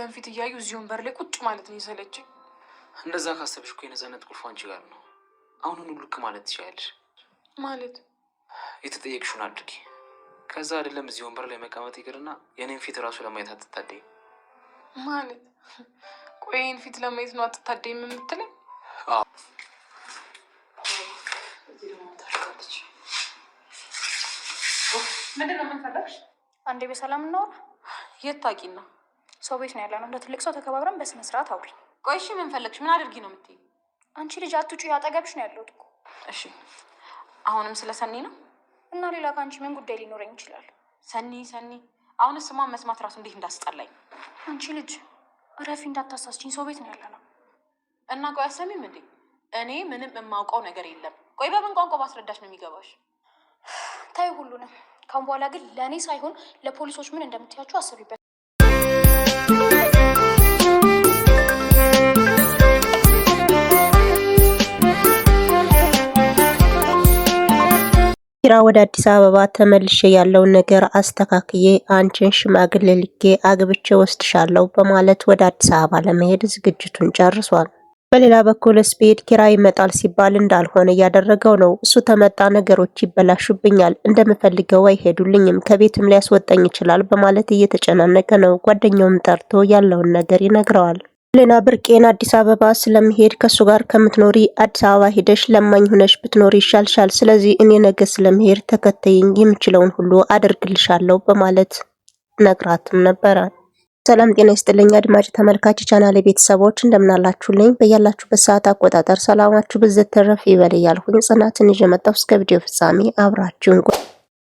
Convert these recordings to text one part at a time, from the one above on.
የአንተን ፊት እያዩ እዚህ ወንበር ላይ ቁጭ ማለት ነው የሰለችኝ። እንደዛ ካሰብሽ እኮ የነፃነት ቁልፉ አንቺ ጋር ነው። አሁኑኑ ልክ ማለት ትችላለሽ። ማለት የተጠየቅሽውን አድርጊ። ከዛ አይደለም እዚህ ወንበር ላይ መቀመጥ ይቅርና የኔን ፊት እራሱ ለማየት አትታደይም ማለት። ቆይን ፊት ለማየት ነው አትታደይ የምትለኝ? ምንድን ነው የምንፈለግሽ? አንዴ በሰላም እናወራ። የት ታውቂና ሰው ቤት ነው ያለነው። እንደ ትልቅ ሰው ተከባብረን በስነ ስርዓት አውሪ። ቆይ እሺ፣ ምን ፈለግሽ? ምን አድርጊ ነው የምትይኝ? አንቺ ልጅ አትጩ፣ ያጠገብሽ ነው ያለሁት እኮ። እሺ፣ አሁንም ስለ ሰኒ ነው እና ሌላ ከአንቺ ምን ጉዳይ ሊኖረኝ ይችላል? ሰኒ ሰኒ፣ አሁንስ ስሟን መስማት ራሱ እንዴት እንዳስጠላኝ። አንቺ ልጅ እረፊ፣ እንዳታሳስችኝ። ሰው ቤት ነው ያለነው እና ቆይ አሰሚም እንዴ? እኔ ምንም የማውቀው ነገር የለም። ቆይ በምን ቋንቋ ባስረዳሽ ነው የሚገባሽ? ታይ ሁሉንም። ካሁን በኋላ ግን ለእኔ ሳይሆን ለፖሊሶች ምን እንደምትያቸው አስቢበት። ኪራ ወደ አዲስ አበባ ተመልሼ ያለውን ነገር አስተካክዬ አንቺን ሽማግሌ ልኬ አግብቼ ወስድሻለሁ በማለት ወደ አዲስ አበባ ለመሄድ ዝግጅቱን ጨርሷል። በሌላ በኩል ስፔድ ኪራ ይመጣል ሲባል እንዳልሆነ እያደረገው ነው። እሱ ተመጣ ነገሮች ይበላሹብኛል፣ እንደምፈልገው አይሄዱልኝም፣ ከቤትም ሊያስወጠኝ ይችላል በማለት እየተጨናነቀ ነው። ጓደኛውም ጠርቶ ያለውን ነገር ይነግረዋል። ሄለና ብርቄን አዲስ አበባ ስለምሄድ ከእሱ ጋር ከምትኖሪ አዲስ አበባ ሄደሽ ለማኝ ሆነሽ ብትኖሪ ይሻልሻል። ስለዚህ እኔ ነገ ስለምሄድ ተከተይኝ፣ የምችለውን ሁሉ አደርግልሻለሁ በማለት ነግራትም ነበረ። ሰላም ጤና ይስጥልኝ አድማጭ ተመልካች ቻናል ቤተሰቦች እንደምናላችሁልኝ፣ በያላችሁበት ሰዓት አቆጣጠር ሰላማችሁ ብዝት ተረፍ ይበል እያልኩኝ ጽናትን ይዤ መጣሁ። እስከ ቪዲዮ ፍጻሜ አብራችሁን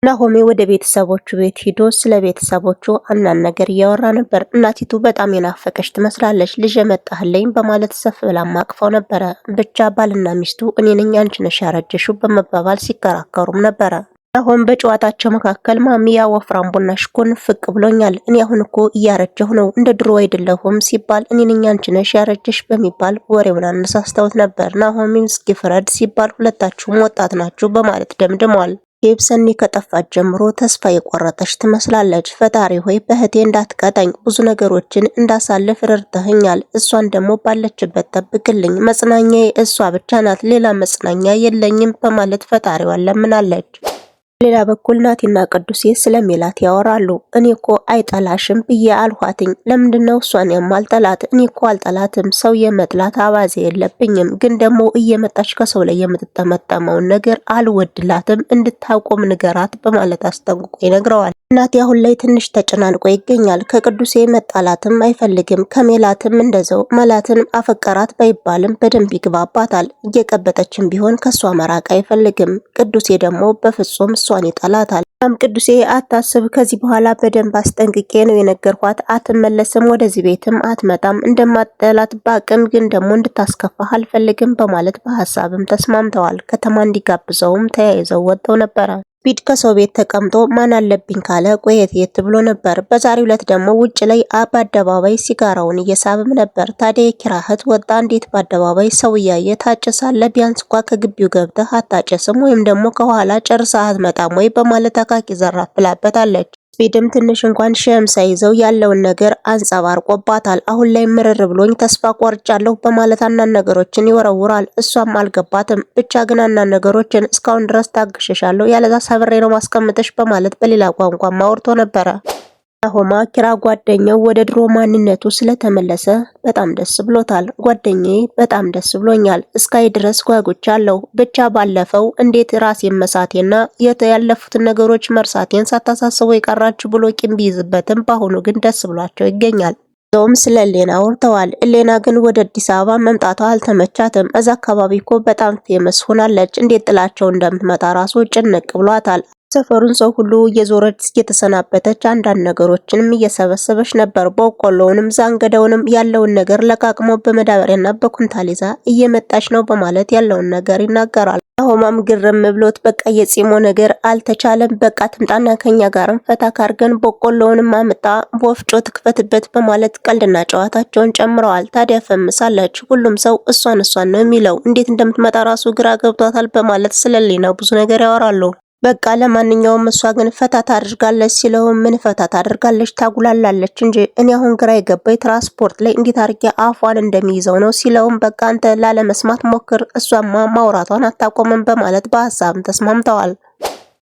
ናሆሜ ወደ ቤተሰቦቹ ቤት ሂዶ ስለ ቤተሰቦቹ አንዳንድ ነገር እያወራ ነበር። እናቲቱ በጣም የናፈቀች ትመስላለች። ልጅ የመጣህልኝ በማለት ሰፍ ብላ አቅፈው ነበረ። ብቻ ባልና ሚስቱ እኔ ነኝ አንቺ ነሽ ያረጀሹ በመባባል ሲከራከሩም ነበረ። ናሆም በጨዋታቸው መካከል ማሚያ ወፍራም ቡናሽ ፍቅ ብሎኛል፣ እኔ አሁን እኮ እያረጀሁ ነው፣ እንደ ድሮ አይደለሁም ሲባል እኔ ነኝ አንቺ ነሽ ያረጀሽ በሚባል ወሬውን አነሳስተውት ነበር። ናሆሜም እስኪ ፍረድ ሲባል ሁለታችሁም ወጣት ናችሁ በማለት ደምድመዋል። ጌብሰኒ ከጠፋች ጀምሮ ተስፋ የቆረጠች ትመስላለች። ፈጣሪ ሆይ በህቴ እንዳትቀጠኝ፣ ብዙ ነገሮችን እንዳሳልፍ ረድተኸኛል። እሷን ደግሞ ባለችበት ጠብቅልኝ። መጽናኛዬ እሷ ብቻ ናት፣ ሌላ መጽናኛ የለኝም በማለት ፈጣሪዋን ለምናለች። በሌላ በኩል ናቲና ቅዱሴ ስለሜላት ያወራሉ። እኔ እኮ አይጠላሽም ብዬ አልኋትኝ። ለምንድነው እሷን የማልጠላት? እኔ እኮ አልጠላትም። ሰው የመጥላት አባዜ የለብኝም። ግን ደግሞ እየመጣች ከሰው ላይ የምትጠመጠመውን ነገር አልወድላትም፣ እንድታቆም ንገራት በማለት አስጠንቅቆ ይነግረዋል። እናቴ አሁን ላይ ትንሽ ተጨናንቆ ይገኛል። ከቅዱሴ መጣላትም አይፈልግም፣ ከሜላትም እንደዘው መላትን አፈቀራት ባይባልም በደንብ ይግባባታል። እየቀበጠችም ቢሆን ከሷ መራቅ አይፈልግም። ቅዱሴ ደግሞ በፍጹም እሷን ይጠላታል። ም ቅዱሴ አታስብ፣ ከዚህ በኋላ በደንብ አስጠንቅቄ ነው የነገርኳት። አትመለስም፣ ወደዚህ ቤትም አትመጣም። እንደማጠላት ባቅም ግን ደግሞ እንድታስከፋህ አልፈልግም በማለት በሀሳብም ተስማምተዋል። ከተማ እንዲጋብዘውም ተያይዘው ወጥተው ነበረ። ቢድ ከሰው ቤት ተቀምጦ ማን አለብኝ ካለ ቆየት የት ብሎ ነበር። በዛሬው ዕለት ደግሞ ውጭ ላይ በአደባባይ ሲጋራውን እየሳብም ነበር። ታዲያ የኪራ እህት ወጣ እንዴት በአደባባይ ሰው እያየ ታጨሳለ? ቢያንስ እንኳ ከግቢው ገብተህ አታጨስም ወይም ደግሞ ከኋላ ጨርሰህ አትመጣም ወይ በማለት አቃቂ ዘራፍ ብላበታለች። ቤደም ትንሽ እንኳን ሸም ሳይዘው ያለውን ነገር አንጸባርቆባታል። አሁን ላይ ምርር ብሎኝ ተስፋ ቆርጫለሁ በማለት አናን ነገሮችን ይወረውራል። እሷም አልገባትም። ብቻ ግን አናንድ ነገሮችን እስካሁን ድረስ ታግሸሻለሁ ያለዛ ሰብሬ ነው ማስቀምጠሽ በማለት በሌላ ቋንቋ ማውርቶ ነበረ። ሆማ ኪራ ጓደኛው ወደ ድሮ ማንነቱ ስለተመለሰ በጣም ደስ ብሎታል። ጓደኛዬ በጣም ደስ ብሎኛል፣ እስካይ ድረስ ጓጉቻለሁ። ብቻ ባለፈው እንዴት ራሴን መሳቴና የተያለፉትን ነገሮች መርሳቴን ሳታሳስበው የቀራችሁ ብሎ ቂም ቢይዝበትም በአሁኑ ግን ደስ ብሏቸው ይገኛል። ሰውም ስለ ሌና አውርተዋል። ሌና ግን ወደ አዲስ አበባ መምጣቷ አልተመቻትም። እዛ አካባቢ እኮ በጣም ፌመስ ሆናለች። እንዴት ጥላቸው እንደምትመጣ ራሱ ጭንቅ ብሏታል። ሰፈሩን ሰው ሁሉ እየዞረች እየተሰናበተች አንዳንድ ነገሮችንም እየሰበሰበች ነበር። በቆሎውንም ዛንገዳውንም ያለውን ነገር ለቃቅሞ በመዳበሪያና በኩንታል ይዛ እየመጣች ነው በማለት ያለውን ነገር ይናገራል። አሁማም ግርም ብሎት በቃ የፂሞ ነገር አልተቻለም፣ በቃ ትምጣና ከኛ ጋርም ፈታ ካርገን በቆሎውንም አምጣ ወፍጮ ትክፈትበት በማለት ቀልድና ጨዋታቸውን ጨምረዋል። ታዲያ ፈምሳለች። ሁሉም ሰው እሷን እሷን ነው የሚለው። እንዴት እንደምትመጣ ራሱ ግራ ገብቷታል በማለት ስለሌ ነው ብዙ ነገር ያወራሉ። በቃ ለማንኛውም እሷ ግን ፈታ አድርጋለች ሲለውም ምን ፈታት አድርጋለች? ታጉላላለች እንጂ እኔ አሁን ግራ የገባኝ ትራንስፖርት ላይ እንዴት አድርጌ አፏን እንደሚይዘው ነው ሲለውም በቃ አንተ ላለመስማት ሞክር እሷማ ማውራቷን አታቆምም በማለት በሀሳብም ተስማምተዋል።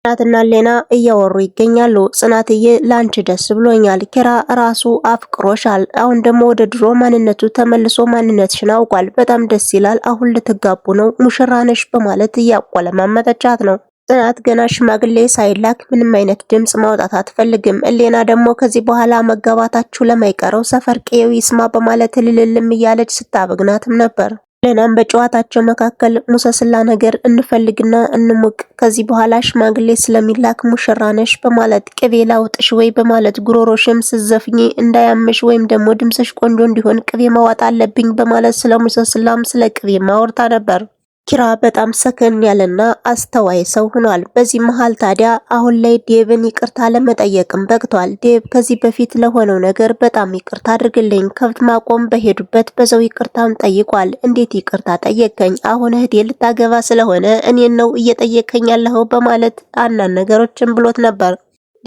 ጽናትና ሌና እያወሩ ይገኛሉ። ጽናትዬ ላንቺ ደስ ብሎኛል፣ ኪራ ራሱ አፍቅሮሻል። አሁን ደግሞ ወደ ድሮ ማንነቱ ተመልሶ ማንነትሽን አውቋል። በጣም ደስ ይላል። አሁን ልትጋቡ ነው ሙሽራ ነሽ በማለት እያቆለማመጠቻት ነው። ጽናት ገና ሽማግሌ ሳይላክ ምንም አይነት ድምፅ ማውጣት አትፈልግም። እሌና ደግሞ ከዚህ በኋላ መጋባታችሁ ለማይቀረው ሰፈር ቄው ይስማ በማለት እልልም እያለች ስታበግናትም ነበር። እሌናም በጨዋታቸው መካከል ሙሰስላ ነገር እንፈልግና እንሙቅ፣ ከዚህ በኋላ ሽማግሌ ስለሚላክ ሙሽራነሽ በማለት ቅቤ ላውጥሽ ወይ በማለት ጉሮሮሽም ስዘፍኝ እንዳያምሽ ወይም ደግሞ ድምፅሽ ቆንጆ እንዲሆን ቅቤ ማዋጥ አለብኝ በማለት ስለ ሙሰስላም ስለ ቅቤ ማወርታ ነበር። ኪራ በጣም ሰከን ያለና አስተዋይ ሰው ሆኗል። በዚህ መሃል ታዲያ አሁን ላይ ዴቭን ይቅርታ ለመጠየቅም በቅቷል። ዴቭ ከዚህ በፊት ለሆነው ነገር በጣም ይቅርታ አድርግልኝ፣ ከብት ማቆም በሄዱበት በዘው ይቅርታም ጠይቋል። እንዴት ይቅርታ ጠየቀኝ? አሁን እህቴ ልታገባ ስለሆነ እኔን ነው እየጠየቀኝ ያለኸው በማለት አንዳንድ ነገሮችን ብሎት ነበር።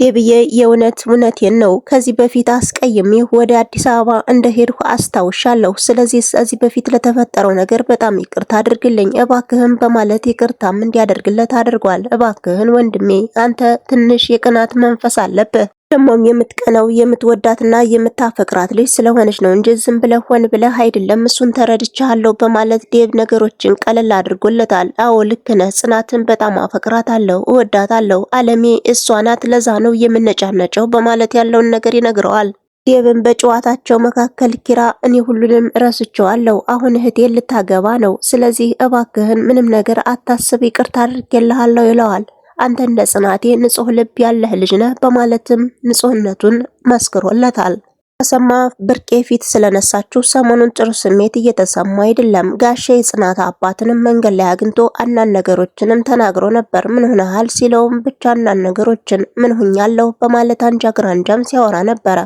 ዴብዬ የእውነት እውነቴን ነው። ከዚህ በፊት አስቀይሜ ወደ አዲስ አበባ እንደሄድሁ አስታውሻለሁ። ስለዚህ ከዚህ በፊት ለተፈጠረው ነገር በጣም ይቅርታ አድርግልኝ እባክህን በማለት ይቅርታም እንዲያደርግለት አድርጓል። እባክህን ወንድሜ አንተ ትንሽ የቅናት መንፈስ አለብህ ደግሞም የምትቀነው የምትወዳትና የምታፈቅራት ልጅ ስለሆነች ነው እንጂ ዝም ብለህ ሆን ብለህ አይደለም፣ እሱን ተረድቻለሁ በማለት ዴብ ነገሮችን ቀለል አድርጎለታል። አዎ ልክ ነህ፣ ጽናትን በጣም አፈቅራታለሁ፣ እወዳታለሁ፣ አለሜ እሷ ናት፣ ለዛ ነው የምነጫነጨው በማለት ያለውን ነገር ይነግረዋል። ዴብን በጨዋታቸው መካከል ኪራ እኔ ሁሉንም ረስቸዋለሁ፣ አሁን እህቴን ልታገባ ነው፣ ስለዚህ እባክህን ምንም ነገር አታስብ፣ ይቅርታ አድርጌልሃለሁ ይለዋል። አንተ እንደ ጽናቴ ንጹህ ልብ ያለህ ልጅ ነህ በማለትም ንጹህነቱን መስክሮለታል። ተሰማ ብርቄ ፊት ስለነሳችው ሰሞኑን ጥሩ ስሜት እየተሰማ አይደለም። ጋሼ የጽናት አባትንም መንገድ ላይ አግኝቶ አንዳንድ ነገሮችንም ተናግሮ ነበር። ምን ሆነሃል ሲለውም ብቻ አንዳንድ ነገሮችን ምን ሆኛለሁ በማለት አንጃ ግራንጃም ሲያወራ ነበረ።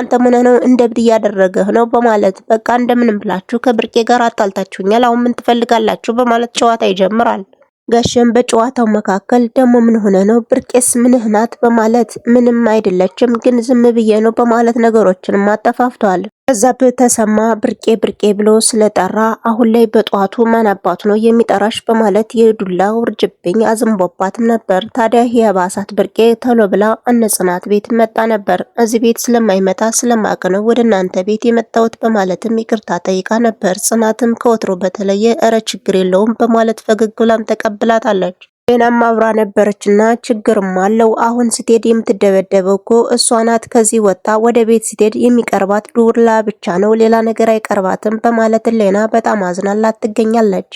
አንተ ምን ነው እንደ እብድ እያደረገህ ነው በማለት በቃ እንደምንም ብላችሁ ከብርቄ ጋር አጣልታችሁኛል፣ አሁን ምን ትፈልጋላችሁ በማለት ጨዋታ ይጀምራል። ጋሼም በጨዋታው መካከል ደግሞ ምን ሆነ ነው ብርቄስ ምንህ ናት በማለት ምንም አይደለችም ግን ዝም ብዬ ነው በማለት ነገሮችን አጠፋፍተዋል። ከዛብህ ተሰማ ብርቄ ብርቄ ብሎ ስለጠራ አሁን ላይ በጠዋቱ ማን አባቱ ነው የሚጠራሽ በማለት የዱላ ውርጅብኝ አዝንቦባትም ነበር። ታዲያ የባሳት ብርቄ ተሎ ብላ እነ ጽናት ቤት መጣ ነበር። እዚህ ቤት ስለማይመጣ ስለማቅ ነው ወደ እናንተ ቤት የመጣሁት በማለትም ይቅርታ ጠይቃ ነበር። ጽናትም ከወትሮ በተለየ እረ ችግር የለውም በማለት ፈገግ ብላም ተቀብላታለች። ጤናማ አብራ ነበረችና ችግርም አለው። አሁን ስትሄድ የምትደበደበው እኮ እሷ ናት። ከዚህ ወጥታ ወደ ቤት ስትሄድ የሚቀርባት ዱላ ብቻ ነው፣ ሌላ ነገር አይቀርባትም በማለት እሌና በጣም አዝናላት ትገኛለች።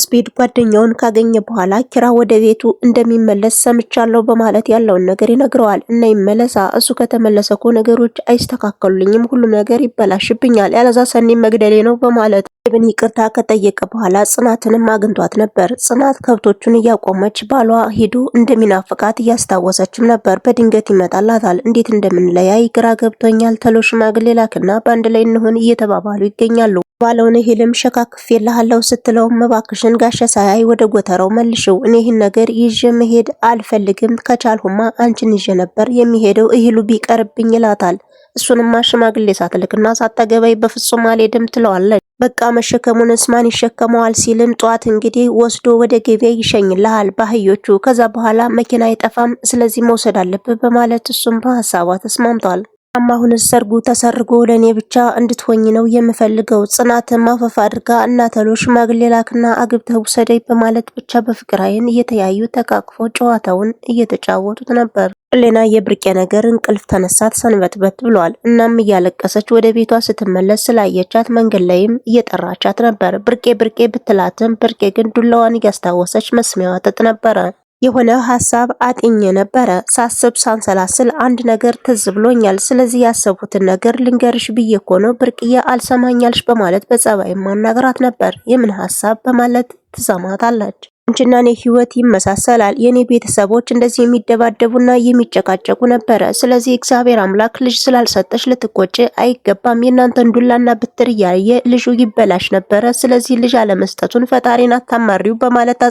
ስፔድ ጓደኛውን ካገኘ በኋላ ኪራ ወደ ቤቱ እንደሚመለስ ሰምቻለሁ በማለት ያለውን ነገር ይነግረዋል። እና ይመለሳ፣ እሱ ከተመለሰ እኮ ነገሮች አይስተካከሉልኝም፣ ሁሉም ነገር ይበላሽብኛል፣ ያለዛ ሰኒ መግደሌ ነው በማለት ብን ይቅርታ ከጠየቀ በኋላ ጽናትንም አግኝቷት ነበር። ጽናት ከብቶቹን እያቆመች ባሏ ሂዱ እንደሚናፍቃት እያስታወሰችም ነበር። በድንገት ይመጣላታል። እንዴት እንደምንለያይ ግራ ገብቶኛል፣ ተሎ ሽማግሌ ላክና በአንድ ላይ እንሆን እየተባባሉ ይገኛሉ። ባለውን እህልም ሸካክፌልሃለሁ ስትለው መባክሽን ጋሸ ሳያይ ወደ ጎተራው መልሽው፣ እኔ ይህን ነገር ይዤ መሄድ አልፈልግም፣ ከቻልሁማ አንቺን ይዤ ነበር የሚሄደው እህሉ ቢቀርብኝ ይላታል። እሱንማ ሽማግሌ ሳትልክና ሳታገባይ በፍጹም አልሄድም ትለዋለች። በቃ መሸከሙንስ ማን ይሸከመዋል? ሲልም ጠዋት እንግዲህ ወስዶ ወደ ገበያ ይሸኝልሃል በአህዮቹ። ከዛ በኋላ መኪና አይጠፋም፣ ስለዚህ መውሰድ አለብህ በማለት እሱም በሀሳቧ ተስማምቷል። ማማ አሁን ሰርጉ ተሰርጎ ለእኔ ብቻ እንድትሆኝ ነው የምፈልገው። ጽናት አፈፍ አድርጋ እናተሎ ሽማግሌ ላክና አግብተህ ውሰደኝ በማለት ብቻ በፍቅር አይን እየተያዩ ተቃቅፎ ጨዋታውን እየተጫወቱት ነበር። ሌና የብርቄ ነገር እንቅልፍ ተነሳት ሰንበትበት ብሏል። እናም እያለቀሰች ወደ ቤቷ ስትመለስ ስላየቻት መንገድ ላይም እየጠራቻት ነበር። ብርቄ ብርቄ ብትላትም ብርቄ ግን ዱላዋን እያስታወሰች መስሚያዋ ጥጥ ነበረ። የሆነ ሀሳብ አጥኝ ነበረ። ሳስብ ሳንሰላስል አንድ ነገር ትዝ ብሎኛል። ስለዚህ ያሰቡትን ነገር ልንገርሽ ብዬ እኮ ነው ብርቅዬ አልሰማኛልሽ በማለት በጸባይ ማናገራት ነበር። የምን ሀሳብ በማለት አላች። አንቺና እኔ ህይወት ይመሳሰላል። የኔ ቤተሰቦች እንደዚህ የሚደባደቡና የሚጨቃጨቁ ነበረ። ስለዚህ እግዚአብሔር አምላክ ልጅ ስላልሰጠሽ ልትቆጭ አይገባም። የእናንተን ዱላና ብትር እያየ ልጁ ይበላሽ ነበረ። ስለዚህ ልጅ አለመስጠቱን ፈጣሪን አታማሪው በማለት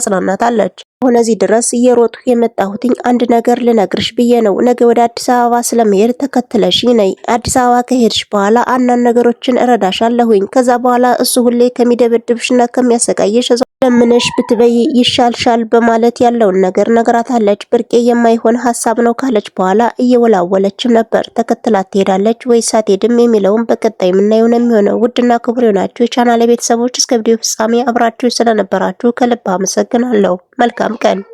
አለች። ሆነዚህ ድረስ እየሮጡ የመጣሁትኝ አንድ ነገር ልነግርሽ ብዬ ነው። ነገ ወደ አዲስ አበባ ስለመሄድ ተከትለሽኝ ነይ። አዲስ አበባ ከሄድሽ በኋላ አንዳንድ ነገሮችን እረዳሻለሁኝ። ከዛ በኋላ እሱ ሁሌ ከሚደበድብሽና ከሚያሰቃየሽ ለምንሽ ብትበይ ይሻልሻል በማለት ያለውን ነገር ነግራታለች። ብርቄ የማይሆን ሀሳብ ነው ካለች በኋላ እየወላወለችም ነበር። ተከትላት ትሄዳለች ወይስ አትሄድም የሚለውን በቀጣይ የምናየው ነው የሚሆነው። ውድና ክቡር የሆናችሁ የቻናሌ ቤተሰቦች እስከ ቪዲዮ ፍጻሜ አብራችሁ ስለነበራችሁ ከልብ አመሰግናለሁ። መልካም kan